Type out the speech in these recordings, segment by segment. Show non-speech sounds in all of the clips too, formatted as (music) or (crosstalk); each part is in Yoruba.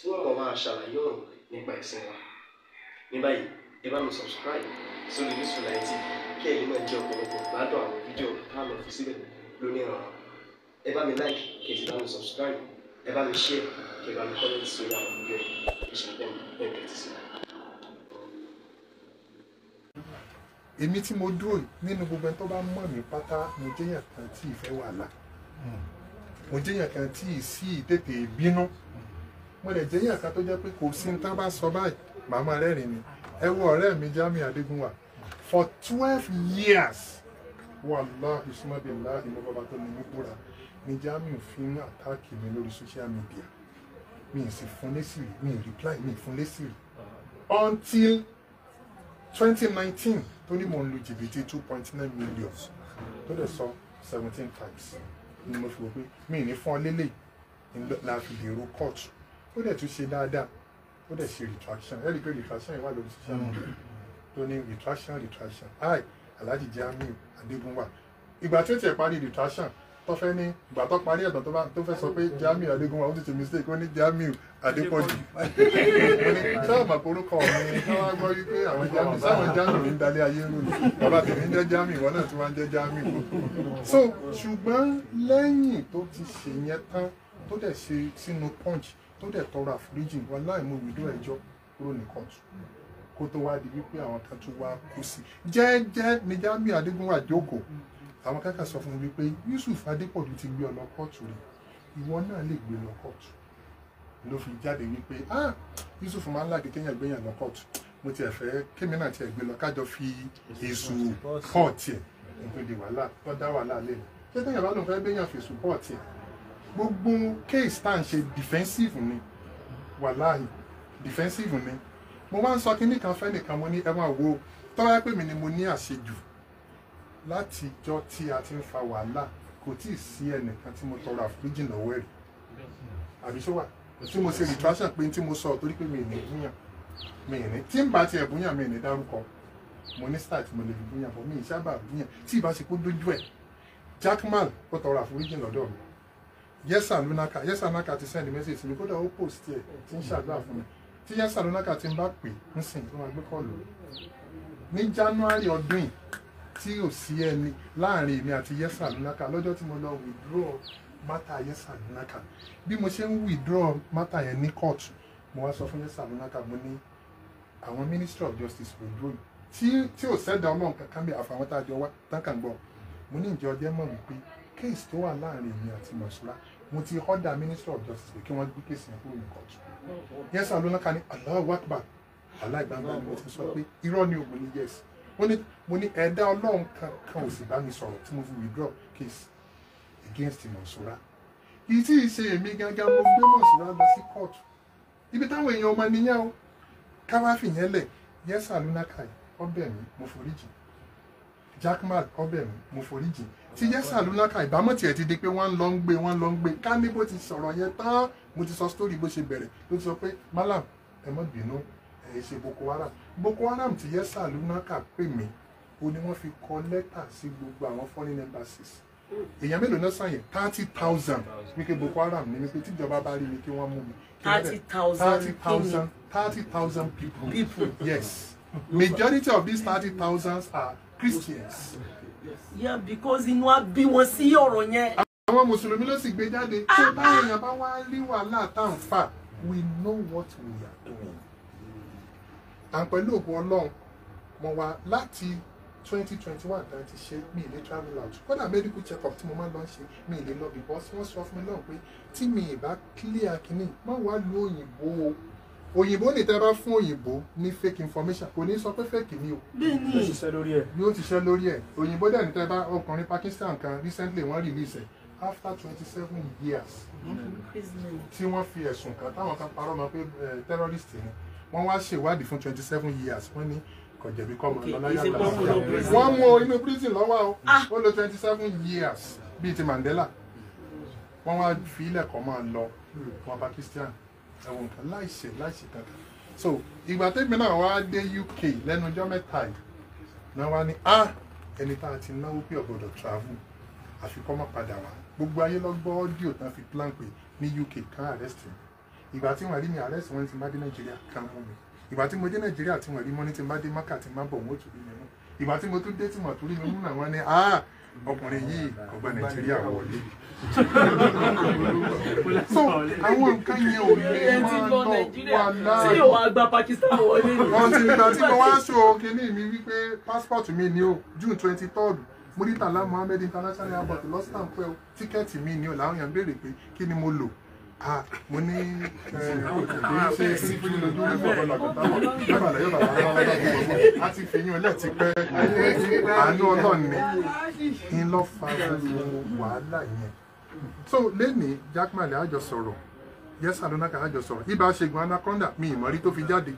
tí wọ́n mọ̀ máa ṣàlàyé ọ̀rọ̀ nípa ẹ̀sìn wa ní báyìí ẹ bá mi subscribe sórí Yusufullahi TV kí ẹ̀yin náà jẹ́ ọ̀pọ̀lọpọ̀ gbádùn àwọn fídíò tá a lọ fi síbẹ̀ lónìí ọ̀rọ̀ ẹ bá mi like kí ẹ sì bá mi subscribe ẹ bá mi share kí ẹ bá mi comment sórí àwọn fídíò yìí ìṣẹ̀lẹ̀ ẹ̀ẹ́dẹ̀ ti sí. èmi tí mo dúró nínú gbogbo ẹni tó bá mọ̀ mí pátá mo jẹ́yàn kan tí ìfẹ́ wà lá mo jẹ́yàn kan tí ì sí ìtètè bínú mo lè jẹ́ yàtọ̀ tó jẹ́ pé kò sí ní tá bá sọ báyìí màmá rẹ́rìn ni ẹ ọ̀rẹ́ mi Jamiu Adégúnwà for twelve years wàláhì ìsúmọ́bìlá ìmọ̀ bàbá tó ní gbúra ni Jamiu fi ń àtáàkì mi lórí social media mi ì sì fún lésì rí mi reply mi ì fún lésì rí until twenty nineteen tó ní mò ń lu jìbìtì two point nine million tó lè sọ seventeen times ni mo fi wò pé mi ì ní fún ọ lélẹ̀ la fi dèrò court ó dẹ̀ tún ṣe dáadáa ó dẹ̀ ṣe retraction ẹ̀rí pé retraction yìí wà lórí ṣiṣẹ́ wọn mm. tó ní retraction retraction hi alhaji jamiu adégúnwà ìgbà tí ó tiẹ̀ parí retraction tó fẹ́ ní ìgbà tó parí ẹ̀dàn tó bá tó fẹ́ sọ pé jamiu adégúnwà ó ti ṣe mistake ó ní jamiu adépọ̀jù ó ní sáàmà orúkọ mi káwá gbọ́ wípé àwọn jamiu sáwọn jamiu ń dalẹ̀ ayé rò ní bàbá tèmi ń jẹ́ jamiu ìwọ náà tí wọ́n ń jẹ́ jamiu so ṣùgbọ́n lẹ́yìn tó ti ṣèyẹn tán tó dẹ̀ ṣe sínú punch tó dẹ̀ tọrọ àforíjì wọn láì mú ìwé dúró ẹjọ́ kúrò ní kóòtù kó tó wá di wípé àwọn kan tó wá kú sí jẹ́ẹ́jẹ́ ni Jamiu Adégúnwà jókòó àwọn kákà sọ fún mi wípé Yusuf Adépọ̀jù ti gbé ọ lọ kóòtù rẹ̀ ìwọ náà lè gbé e lọ kóòtù ló fi jáde wípé ah Yusuf máa ń láàdì kéèyàn gbéyàn lọ kóòtù mo tiẹ̀ fẹ́ kémi náà tiẹ̀ gbé lọ kájọ fi èso kóòtù ẹ̀ nítorí wàhálà lọ́dá wàhálà lẹ́nu ṣé téèyàn bá lóun fẹ́ gbéyàn fèsù kóòtù ẹ̀ gbogbo case tá à ń ṣe defensive ni wàláhì defensive ni mo máa ń sọ kínní kan fẹ́nìkan mo ní ẹ máa tọ́lá pé mi ni mo ní àṣejù látijọ́ tí a ti ń fa wàhálà kò tí ì sí ẹnìkan tí mo tọrọ àforíjì lọ́wọ́ ẹ̀ àbí ṣó wà tí mo ṣe retraction pé tí mo sọ torí pé mi ì ní búyàn mi ì ní tí ń bá tiẹ̀ búyàn mi ì ní dárúkọ mo ní star tí mo lè fi búyàn bọ̀ mi ì sábà búyàn tí ì dójú ẹ̀ Jackman ó tọrọ àforíjì lọ́dọ̀ mi yẹ́sà lunaka yẹ́sà naka ti send message mi kódà ó post ẹ̀ tí ń ṣàdúrà fún mi tí yẹ́sà lunaka ti ń bá pè ń sìn tó máa gbé kọ́ọ̀lù ní january ọdún yìí tí ò sí ẹni láàrin èmi àti yẹ́sà lunaka lọ́jọ́ tí mo lọ withdraw mata yẹ́sà lunaka bí mo ṣe ń withdraw mata yẹn ní court mo wá sọ fún yẹ́sà lunaka mo ní àwọn minister of justice withdraw tí tí ò sẹ́dá ọlọ́run kankan bí àfàwọn tá a jọ wá tán kàn gbọ́ mo ní ìjọ ọjẹ́ mọ̀ wípé Case tó wà láàrin èmi àti mọ̀ṣúra mo ti order minister of justice pé kí wọ́n gbé kéèsì yẹn kúrò ní kóòtù yẹ́sà lónàkà ní Allahu Akbar aláìgbàgbà ni mo ti sọ pé irọ́ ni òun ní yẹ́sì mo ní ẹ̀dá ọlọ́run kankan ò sì bá mi sọ̀rọ̀ tí mo fi withdraw case against mọ̀ṣúra ìtí ìṣe èmi gangan mo gbé mọ̀ṣúra lọ sí kóòtù ibi táwọn èèyàn ọmọ nìyẹn o káwáfì yẹn lẹ̀ yẹ́sà lónàkà ọbẹ̀ mi mo foríjì jackman ọbẹ̀ mo foríjì tí yẹ́sà lúnákà ìbámọ̀ tiẹ̀ ti di pé wọ́n ń lọ ń gbé wọ́n ń lọ ń gbé ká ní bó ti sọ̀rọ̀ yẹn tán mo ti sọ sítórì bó ṣe bẹ̀rẹ̀ ló ti sọ pé malam ẹ má bínú ẹ ṣe boko haram boko haram tí yẹ́sà lúnákà pè mí o ni wọ́n fi kọ lẹ́tà sí gbogbo àwọn foreign embassies èèyàn mélòó náà sàn yẹn thirty thousand wípé boko haram ni wípé tíjọba bá rí mi kí wọ́n mú mi. thirty thousand thirty thousand thirty thousand people yes majority of these thirty thousands are Christians. yeah because inú á bí wọn sí ọ̀rọ̀ yẹn. àwọn mùsùlùmí ló sì gbé jáde tó ah, bá ah. èèyàn bá wá rí wàhálà tá fà we know what we are doing. à ń pẹ̀lú ògùn ọlọ́run mo wá láti twenty twenty one tán ti ṣe mi ìlé travel out kódà medical check up tí mo máa ń lọ ṣe mi ìlé lọ because wọ́n sọ fún mi náà pé tí mi ì bá clear kínní má wàá lu òyìnbó o òyìnbó nìta bá fún òyìnbó ní fake information kò ní sọ pé fake ni o bẹ́ẹ̀ni ló ṣiṣẹ́ lórí ẹ̀ ni ó ti ṣe lórí ẹ̀ òyìnbó dẹ̀ nìta bá ọkùnrin Pakistan kan recently wọ́n release ẹ̀ after twenty seven years tí wọ́n fi ẹ̀sùn kan táwọn kan parọ́ mọ́ pé eh, terrorist ni wọ́n wá ṣèwádìí fún twenty seven years wọ́n ní kò jẹ̀bi kọ́ ọmọ ọlọ́láyà lọ́wọ́ wọ́n mú inú prison lọ́wọ́ o ah! ó lò twenty seven years bíi ti Mandela wọ́n wá fi ilẹ̀ kọ́ máa lọ wọn Pakistan ẹ̀wọ̀n nǹkan láìṣe láìṣe kankan so ìgbà tẹ́mi náà wá dé UK lẹ́nu ọjọ́ mẹ́ta yìí náà wá ní á ah, ẹni tá a ti náwó pé ọ̀gbọ̀dọ̀ travel àfikọ́ má padà wá gbogbo ayé lọ́gbọ́ ọ́díò tán fi plan pé ní UK kan arrest mi ìgbà tí wọ́n rí mi arrest wọn ti bá dé Nàìjíríà kan mú mi ìgbà tí mo dé Nàìjíríà tí wọ́n rí mọ́ ní ti bá dé Mákà ti má bọ̀ wọ́n tún rí mi mú ìgbà tí mo tún dé tí mo tún rí mi mú náà wọ́n ní á ah, ọkùnrin yìí kò nàìjíríà wọlé (laughs) so àwọn nǹkan yẹn ò lè máa lọ wà láàyè sí ìwà àgbà Pakistan wọlé ni. wọ́n ti gbà tí mo wá ṣo kínní mi wípé pásítọ̀tù mi ni o June twenty third Muritala Muhammed International Airport lọ́sítàn pé tíkẹ́ẹ̀tì mi ni o làwọn èèyàn béèrè pé kí ni mo lò Ah, mo ní eh, a ti fi yín ọlẹ́ẹ̀tì pẹ́ àánú ọlọ́ọ̀ni ń lọ́ fa gbogbo wàhálà yẹn so lẹ́nìí jákèmálẹ̀ àjọ sọ̀rọ̀ yẹ́sà lónàkà àjọ sọ̀rọ̀ ibà ṣègùn anaconda mi ìmọ̀rí tó fi jáde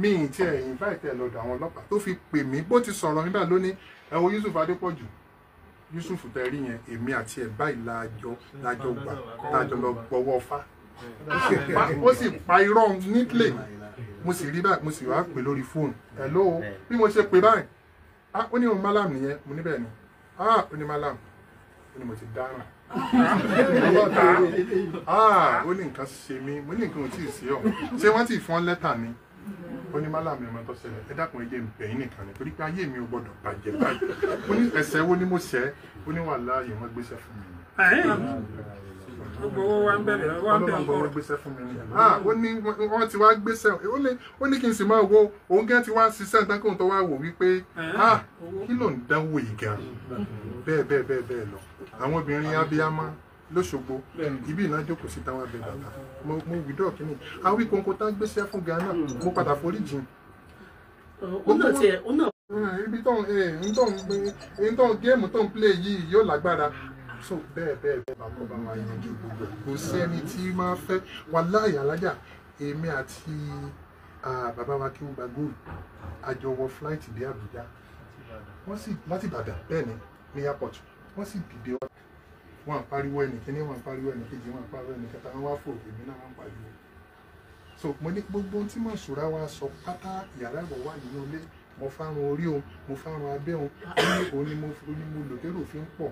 mi ì tiẹ̀ invite ẹ̀ lọ́dọ̀ àwọn ọlọ́pàá tó fi pè mí bó ti sọ̀rọ̀ mi báyìí lónìí ẹ̀wọ̀n Yusuf Adépọ̀jù yusuf tẹrí yẹn èmi àti ẹ báyìí láàjọ láàjọ gbà láàjọ lọ gbọ́wọ́ fá ó sì pa irọ́ nílé mo sì rí báyìí mo sì wá pè lórí fóònù hello bí mo ṣe pè báyìí ó ní òun malam nìyẹn mo níbẹ̀ ni ó ní malam ó ní mo ti dáràn (laughs) ó ní nǹkan ṣe mí mo ní nǹkan ò tí ì sí ọ ṣé wọ́n ti fọ́n lẹ́tà ni ó ní málà mi ọmọ tó ṣẹlẹ̀ ẹ dákun ẹ jẹ́ ń bẹ̀ yín nìkan ni torí pé ayé mi ò gbọ́dọ̀ bàjẹ́ báyìí ó ní ẹ̀ṣẹ̀ wo ni mo ṣẹ̀ ó ní wàhálà yìí wọ́n gbéṣẹ́ fún mi. Ah, gbogbo wa ń bẹ̀rẹ̀ wa ń bẹ̀rẹ̀ ọ̀rọ̀ gbéṣẹ́ fún mi ni. Ah, ó ní wọ́n ti wá gbéṣẹ́ ó ní kí n sì máa wo òun gẹ́ ti wá ṣiṣẹ́ dákun tó wá wò wípé eh, ah, kí ló ń dánwò yìí gan bẹ́ẹ̀ bẹ́ẹ̀ bẹ́ẹ̀ bẹ́ẹ̀ lọ àwọn obìnrin abiyamọ lọ́ṣogbo ibi ìná jókòó sí táwọn abẹ bàbá mo wìdọ́ kínní àwọn ìkóńkó tá gbéṣẹ́ fún Ghana hmm. mo padà forí jìn. Hmm, ibi tó ń eh, tó ń géèmù tó ń play yìí yóò lágbára so bẹ́ẹ̀ bẹ́ẹ̀ bẹ́ẹ̀ bá kọ́ bá wa yanjú gbogbo kò sẹ́ni tí máa fẹ́ wà láàyè alájà èmi àti bàbá wa kí ó gba góòlù àjọ wọ flight dé Àbújá wọ́n sì láti Ìbàdàn bẹ́ẹ̀ ni ní airport wọ́n sì dìde wá wọn pariwo ẹnìkíní wọn pariwo ẹnìkejì wọn pariwo ẹnìkẹta wọn wá fòrò èmi náà wọn pariwo so mo ní gbogbo ohun tí Mọ̀ṣúrà wa sọ pátá yàrá ìwọ̀ wà nínú ilé mo fárun orí òun mo fárun abẹ́ òun òun ni mo ni mo lò lérò fi ń pọ̀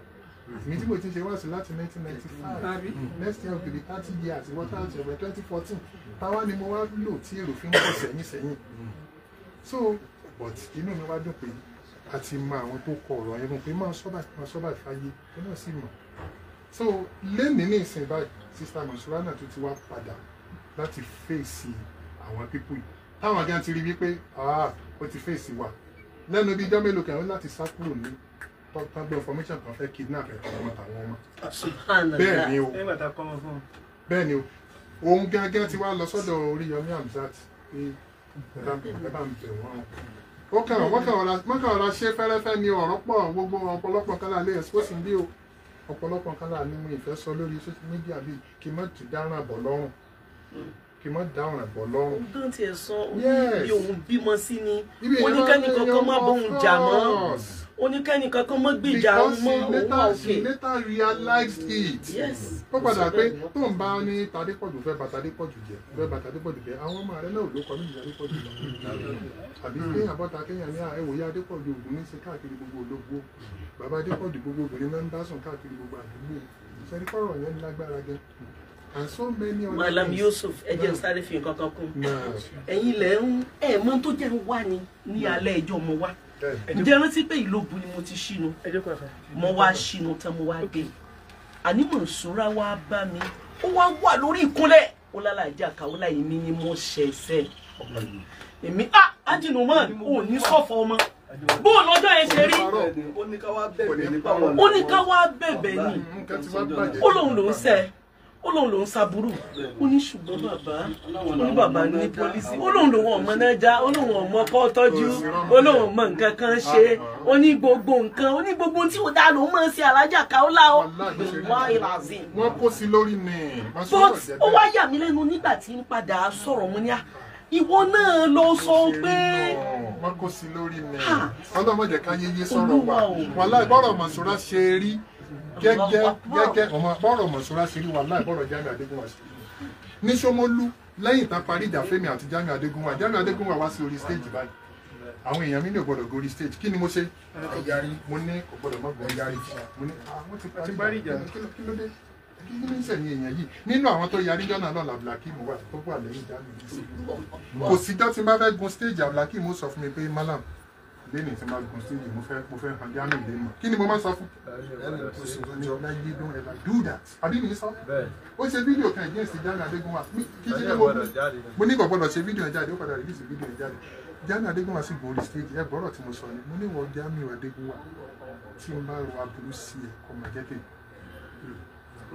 èmi tí mo ti ṣe wá sí láti 1995 next year will be thirty years wọ́n tá àti ẹ̀wẹ̀ 2014 táwa ni mo wá lò tí èrò fi ń pọ̀ sẹ́yìn sẹ́yìn so but inú mi wá dùn pé a ti mọ àwọn tó kọ ọ̀rọ̀ yẹn mo pé máa sọ́bà máa sọ́bà fàyè ó náà sì mọ̀ so lẹ́ni ní ìsìn báyìí sista masurana tó ti wá padà láti fèsì àwọn pípù yìí táwọn ajá ti rí wípé ah, ó ti fèsì wa lẹ́nu bíi dán mélòó kan láti sá kúrò ní pàgbọ́ information kan fẹ́ kidnap ẹ̀ tàwọn tàwọn ọmọ bẹ́ẹ̀ ni o bẹ́ẹ̀ ni o òun gángan ti wá lọ sọ́dọ̀ Oríyọmí Hamzat pé ẹ bá ń bẹ̀ wọ́n ó kàn wọ́n kàn ọ̀rá ṣe fẹ́rẹ́fẹ́ ni ọ̀rọ̀ pọ̀ gbogbo ọ̀pọ̀lọpọ̀ kan lálẹ́ ẹ̀ sí ó sì ń bí o ọ̀pọ̀lọpọ̀ nǹkan láà ní mo ìfẹ́ sọ lórí social media bíi kí n má ti dáràn bọ̀ lọ́rùn hmm. kí n má dáràn bọ̀ lọ́rùn. ó dán tiẹ̀ sọ bí òun bímọ sí ni oníkànnì kankan má bóun jà mọ́ oníkẹ́ni kankan mọ́ gbìjà mọ́ owó òkè. because he later realized it. ó padà pé tó ń bá ní tadépọ̀jù fẹ́ bá tadépọ̀jù jẹ fẹ́ bá tadépọ̀jù jẹ àwọn ọmọ rẹ náà ló kọ́ níbi adépọ̀jù lọ. àbí hmm. kéèyàn bọ́ta kéèyàn ní àìwòye adépọ̀jù ògùn ní ṣe káàkiri gbogbo ológbó bàbá adépọ̀jù gbogbo obìnrin máa ń bá sùn káàkiri gbogbo àdúgbò sẹ́ni kọ́rọ̀ yẹn lágbára gan and so many of us. Malam Yusuf ẹ jẹ́ sáré fi nǹkan kan kún ẹ̀yin lẹ ń ẹ mọ̀ tó jẹ́ wá ni ní alẹ́ ẹjọ́ mo wá ǹjẹ́ rántí pé ìlóbu ni mo ti ṣínú mo wá ṣínú tán mo wá dé àní Mọ̀nsúrà wá bá mi ó wá wà lórí ìkúnlẹ̀ ó lálàájá kàwé láyé mi ni mo ṣẹ̀ṣẹ̀ èmi ah ajínú mọ́ ò ní sọ̀fọ̀ ọmọ bó lọ́jọ́ yẹn ṣe rí ó ní ká wá bẹ̀bẹ̀ ni ó lóun lòún sẹ́ẹ̀ ó lóun lòun ṣàbúrò ó ní ṣùgbọ́n bàbá ó ní bàbá ní pólísì ó lóun lòun ọmọ náà já ó lóun ọmọ kọ́ tọ́jú ó lóun ọmọ nǹkan kan ṣe ah, ah, ah. ó ní gbogbo nǹkan ó ní gbogbo tí ó dá lòun máa ń ṣe alájà ó wá wọ́n kó sí lórí ni. but ó wá yà mí lẹ́nu nígbà tí ń padà sọ̀rọ̀ mo ní à ìwọ náà ló sọ pé. wọ́n kó sí lórí ni. ọlọ́mọdé ká yéye sọ̀rọ̀ wa wàhálà ìbọ̀rọ̀ màṣúrà gẹ́gẹ́ gẹ́gẹ́ ọmọ bọ́rọ̀ mọ̀ṣúra sí wà láì bọ́rọ̀ Jamiu Adégúnwà sí ní Ṣómólú lẹ́yìn tá a parí ìjà Fẹ́mi àti Jamiu Adégúnwà Jamiu Adégúnwà wá sí orí stage báyìí àwọn èèyàn mi ní ògbọ́dọ̀ gorí stage kí ni mo ṣe ọ̀yàrí mo ní ògbọ́dọ̀ mọ́gbọ́n ọ̀yàrí mo ní àwọn ah, ti parí ìjà kí ló dé kí ló ń sẹ̀yìn èèyàn yìí nínú àwọn tó yarí jọ́nà náà la blakim wà tó wà lẹ́yìn Jamiu kò sí dọ́tí bá fẹ́ gun stage blakim ó sọ fún mi pé malam lẹ́nu tí máa gun stage mo fẹ́ mo fẹ́ han jámì lẹ́nu kí ni mo máa sọ fún. ẹnìyí dún ẹ̀la do that àbí mi sọ. ó ṣe fídíò kan ìgbésí sí Gani Adégúnwà kí ṣe lé wọ́n mo ní kò gbọ́dọ̀ ṣe fídíò yẹn jáde ó padà rìlíìsì fídíò yẹn jáde Gani Adégúnwà sì borí stage ẹ gbọ́dọ̀ tí mo sọ ni mo ní wọ Gani Adégúnwà tí n bá rọ aburú sí ẹ kọ mà jẹ́ tèmi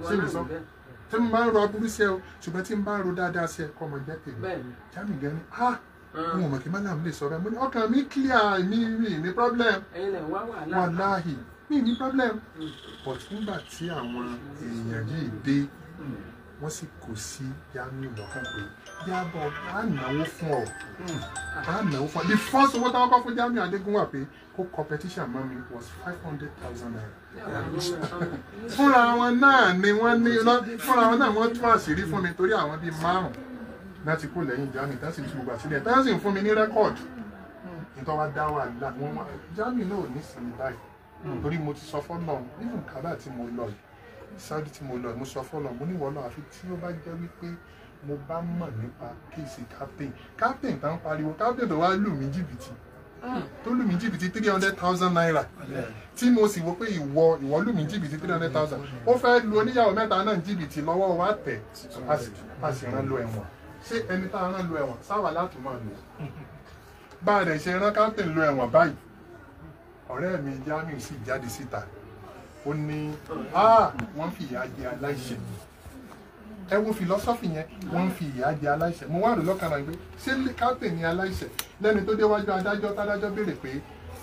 ṣé mi sọ tí n bá rọ aburú sí ẹ ṣùgbọ́n tí n bá rọ dáadáa sí ẹ kọ mà jẹ́ tèmi Gani Gani ah wọn mm. ò mọ̀ kí mọ́nà mi lè sọ bẹ́ẹ̀ mo ní ọkàn mi clear mi mi ní problem wàláhì mi ní problem mm. but nígbà tí àwọn èèyàn yìí dé mm. wọ́n sì kò sí yánú lọ́kàn pé yábọ̀ á náwó fún ọ á náwó fún ọ the first owó táwọn kọ́ fún Jamiu Adégúnwà pé kó competition mọ́ mi was five hundred thousand naira. fúnra wọn náà ni wọ́n ní fúnra wọn náà wọ́n tún àṣírí fún mi torí àwọn bíi márùn láti kó lẹ́yìn jami tá sì ń sílẹ̀ tá sì fún mi ní rẹ́kọ̀dù nítorí wá dá wà lá wọn wá jami náà ní sinmi báyìí hmm. torí mo ti sọ fọ́nà nínú kábà tí mo lọ yìí sáúdí tí mo lọ mo sọ fọ́nà mo níwọ̀ náà àfi tí ó bá jẹ́ wípé mo bá mọ̀ nípa kéèsì captain captain tá ń pariwo captain tó wá lù mí jìbìtì hmm. tó lù mí jìbìtì three hundred thousand naira tí mo sì wò pé ìwọ ìwọ lù mí jìbìtì three hundred thousand ó fẹ́ lu oníyàwó mẹ́ta náà jìbìtì lọ́wọ́ wa tẹ̀ a sì rán lọ ẹ̀wọ̀n ṣé ẹni tá a rán lọ ẹ̀wọ̀n sáwà láti máa lò bá a dẹ̀ ṣe rán captain lọ ẹ̀wọ̀n báyìí ọ̀rẹ́ mi Jamiu sì jáde síta ó ní ah, wọ́n fi ìyà jẹ aláìṣẹ̀ ẹ wo philosophy yẹn wọ́n fi ìyà jẹ aláìṣẹ̀ mo wá rò lọ́kàn rẹ̀ pé ṣé captain ni aláìṣẹ̀ lẹ́ni tó déwájú adájọ́ tádájọ́ béèrè pé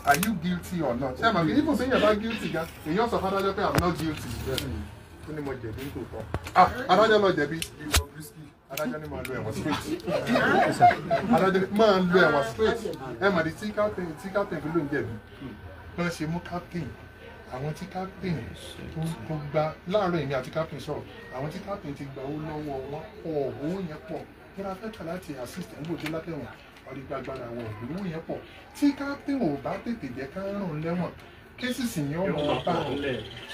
are you guilty or not ṣé màgbé ibùsùn èèyàn bá guilty gan èèyàn sọ fún adájọ́ pé i'm not guilty ó ní mo jẹ̀bi ń tòótọ́ ah, adájọ́ lọ jẹ̀bi adájọ́ ni máa lo ẹ̀wọ̀n straight ẹ mọ̀ ní tí captain tí captain ló ń jẹ̀bi lọ́ọ́ ṣe mú captain àwọn tí captain tó gba láàárọ̀ èmi àti captain sọ̀rọ̀ àwọn tí captain ti gba owó lọ́wọ́ wọn pọ̀ owó yẹn pọ̀ múra fẹ́tà láti assist ẹ̀ ń gbòdó látẹ̀wọ̀n ọ̀dìgbàgbàrà wọ̀ owó yẹn pọ̀ tí captain ò bá tètè jẹ́ ká ràn lẹ́wọ̀n cases yẹn ó máa bá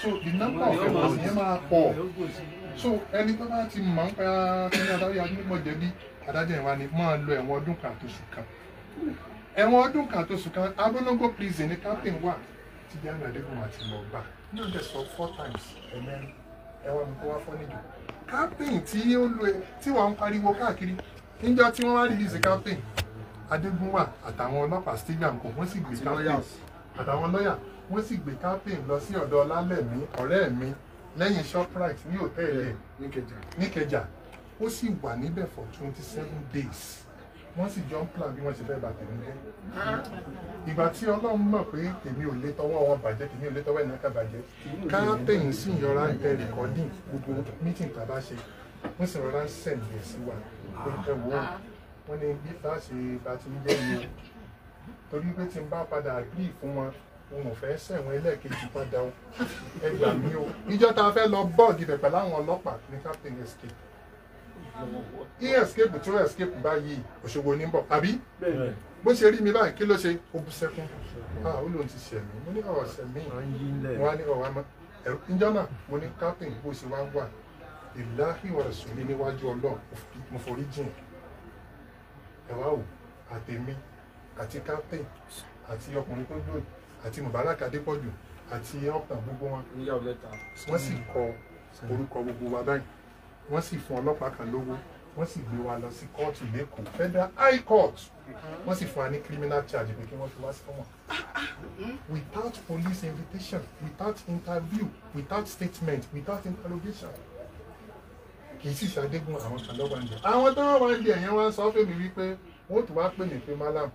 so the number of ẹ̀wọ̀n yẹn máa pọ̀ so ẹni tó bá ti mọ̀ nípa kíní adájọ́ agbébọn jẹ̀bi adájọ́ ìwà ni máa lo ẹ̀wọ̀n ọdún kan àtòṣù kan ẹ̀wọ̀n ọdún kan àtòṣù kan abọ́nógó prison ní captain wà ti di àná àdéhùn àti lọ́gbà yóò dẹ̀ sọ four times ẹ̀mẹ́rin ẹ̀wọ̀n mi kó wá fọ́ níjọ captain tí ó lo tí wọ́n ń pariwo káàkiri níjọ́ tí wọ́n wá release captain adégúnwà àtàwọn ọlọ́pàá stadium kò wọ́n sì gbé captain àtàwọn lọ́yà wọ́n sì gbé captain lọ sí ọ̀dọ̀ ọlálẹ̀mí ọ̀rẹ́ mi lẹ́yìn shoprite ní òtẹ́ẹ̀lì níkẹjà ó sì wà níbẹ̀ for twenty seven days wọ́n sì jọ ń plan bí wọ́n ṣe fẹ́ bà tèmi jẹ́ ìgbà tí ọlọ́run mọ̀ pé tèmi ò lè tọwọ́ wọn bàjẹ́ tèmi ò lè tọwọ́ ẹ̀nà kàbàjẹ́ káàtẹ́yìn sì ń yọra ẹ̀ rìkọ́dìn gbogbo mítìn tàbá ṣe wọ́n sì rọra ń sẹ̀ǹdẹ̀ sí wa pé ẹ wò ó wọ́n ní bí bá ṣe bá ti ń jẹ́ mi o torí pé tí n bá padà agree fún wọn wọn ò fẹ́ sẹ̀wọ̀n ẹlẹ́ẹ̀kejì padà o ẹ gbà mí o ìjọ tá a fẹ́ lọ bọ́ọ̀dì pẹ̀pẹ̀ láwọn ọlọ́pàá ní captain escape e escape tí ó escape báyìí Òṣogbo ní bọ̀ àbí bó ṣe rí mi báyìí kí ló ṣe ó bú sẹ́kún ah ó lóun ti ṣẹ̀mí mo ní ọ̀rọ̀ ṣẹ̀mí wọn á ní ọ̀rọ̀ àmọ́ ìjọ náà mo ní captain bó ṣe wá wà ìláhì wàrẹ̀sùn mi níwájú Ọlọ́run mo forí jìn ẹ̀wá o àtẹ̀mí àti captain àti ọkùnrin tó dóyè àti Mubarak Adépọ̀jù àti ọ̀pọ̀ gbogbo wọn wọ́n sì kọ orúkọ gbogbo wa báyìí wọ́n sì fún ọlọ́pàá kan lówó wọ́n sì gbé wa lọ sí kóòtù lẹ́kọ̀ọ́ federal high court mm-hmm. wọ́n sì fún wa ní criminal charge pé kí wọ́n fi wá sí fọ́mọ̀ mm-hmm. without police invitation without interview without statement without interrogation kì í sì ṣàdégún àwọn kan lọ́wọ́ ń jẹ àwọn tó wọ́n wá ń jẹ yẹn wá ń sọ fún mi wípé wọ́n tún wá pè mí pé malam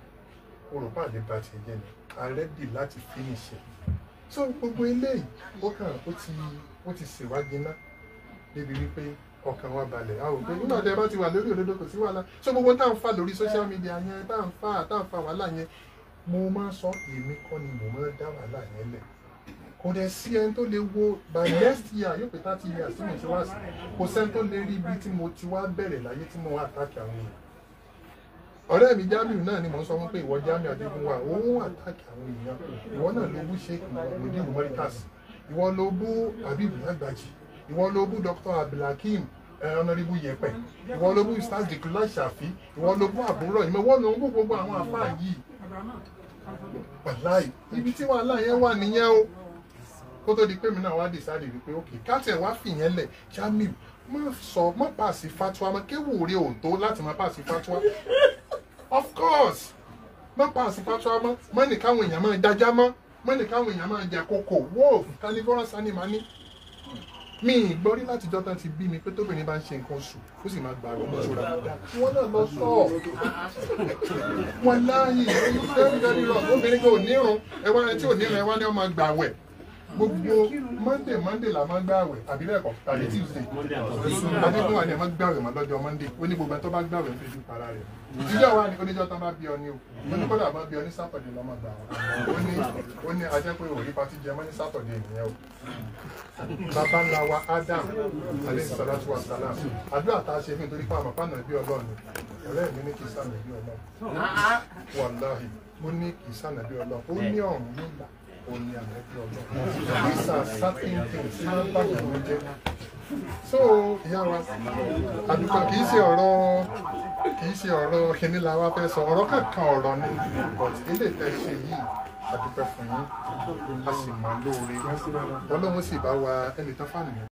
orò pàdé bá ti jẹ ni ready láti finish ẹ̀ so gbogbo eléyìí ó kàn ó ti ó ti ṣèwádìí ná débi wípé ọkàn wa balẹ̀ a ò pé nígbà tí ẹ bá ti wà lórí òdodo kò sí wàhálà so gbogbo tá à ń fà lórí social media yẹn tá à ń fà tá à ń fà wàhálà yẹn mo máa sọ èmi kọ́ ni mo máa dá wàhálà yẹn lẹ̀ kò dẹ̀ sí ẹni tó lè wo by next year yóò pé thirty years tí mo ti wá sí kò sẹ́ni tó lè rí ibi tí mo ti wá bẹ̀rẹ̀ láyé tí mo wá àtàkì àwọn èèyàn ọ̀rẹ́ mi Jamiu náà ni mò ń sọ wípé ìwọ Jamiu Adégúnwà òun àtàkì àwọn èèyàn ìwọ náà ló bú Sheikh Muhammadin Emeritus ìwọ ló bú Habib Lagbaji ìwọ ló bú Dr. Abdulhakeem ọ̀nàrìbù eh, yẹpẹ̀ ìwọ ló bú Ustaz Dhikrlahi Shafi ìwọ ló bú àbúrò ìmọ̀ ìwọ ló ń bú gbogbo àwọn àfáà yìí wàláì ibi tí wàhálà yẹn wà nìyẹn o kó tó di pé mi náà wá dìsáàdì wípé ókè káàtì ẹ̀ wá fìyẹn lẹ̀ Jamiu má sọ má pàṣẹ fatuwa má kéwòrè òótọ́ láti má pàṣẹ fatuwa of course má pa àsìpàtọ́ mọ́ má ní káwọn èèyàn máa dájá mọ́ má ní káwọn èèyàn máa jẹ kókò wolf carnivorous animal ní mi ì gbọ́rí láti dọ́tà ti bí mi pé tóbìnrin bá ń ṣe nǹkan oṣù ó sì máa gbà ọmọ ìṣòro àbúdá wọn náà lọ sọ ọ wọn láàyè ìlú fẹ́ẹ́ fẹ́ẹ́ rírọ̀ obìnrin kò nírun ẹ̀wọ́n rẹ tí ò nírun ẹ̀wọ́n rẹ ọmọ gbà wẹ̀ gbogbo monday monday la máa ń gbààwẹ̀ àbí bẹ́ẹ̀ kọ́ tàbí tuesday adékun wa ni ẹ máa ń gbààwẹ̀ mọ́ lọ́jọ́ monday ó ní gbogbo ẹni tó bá gbààwẹ̀ fi ju para rẹ̀ ìjọ wa ni oníjọ́ tán bá bí ọ ní o ó ní kódà bá bí ọ ní sátọ̀dé lọ́mọ gbà wọn ó ní ó ní ajẹ́ pé òrí pati jẹ mọ́ ní sátọ̀dé nìyẹn o bàbá ńlá wa adam alayhi salatu wa salam àdúrà tá a ṣe fún nítorí pé àmọ́ pàánà bí ọlọ́run ọ̀rẹ́ mi ní kì í sànà bí ọlọ́run ah, ah. wàláhì mo ní kì í sànà bí ọlọ́run ó ní ọ̀run nígbà òní these are certain things yàrá so ìyá wa àdùkọ kì í ṣe ọ̀rọ̀ kì í ṣe ọ̀rọ̀ kíní la fẹ́ sọ ọ̀rọ̀ kankan ọ̀rọ̀ ni but ilé ìfẹ́ ṣe yìí àdúpẹ́ fún yín a sì mọ lóore ọlọ́run sì bá wa ẹnì tán fànìyàn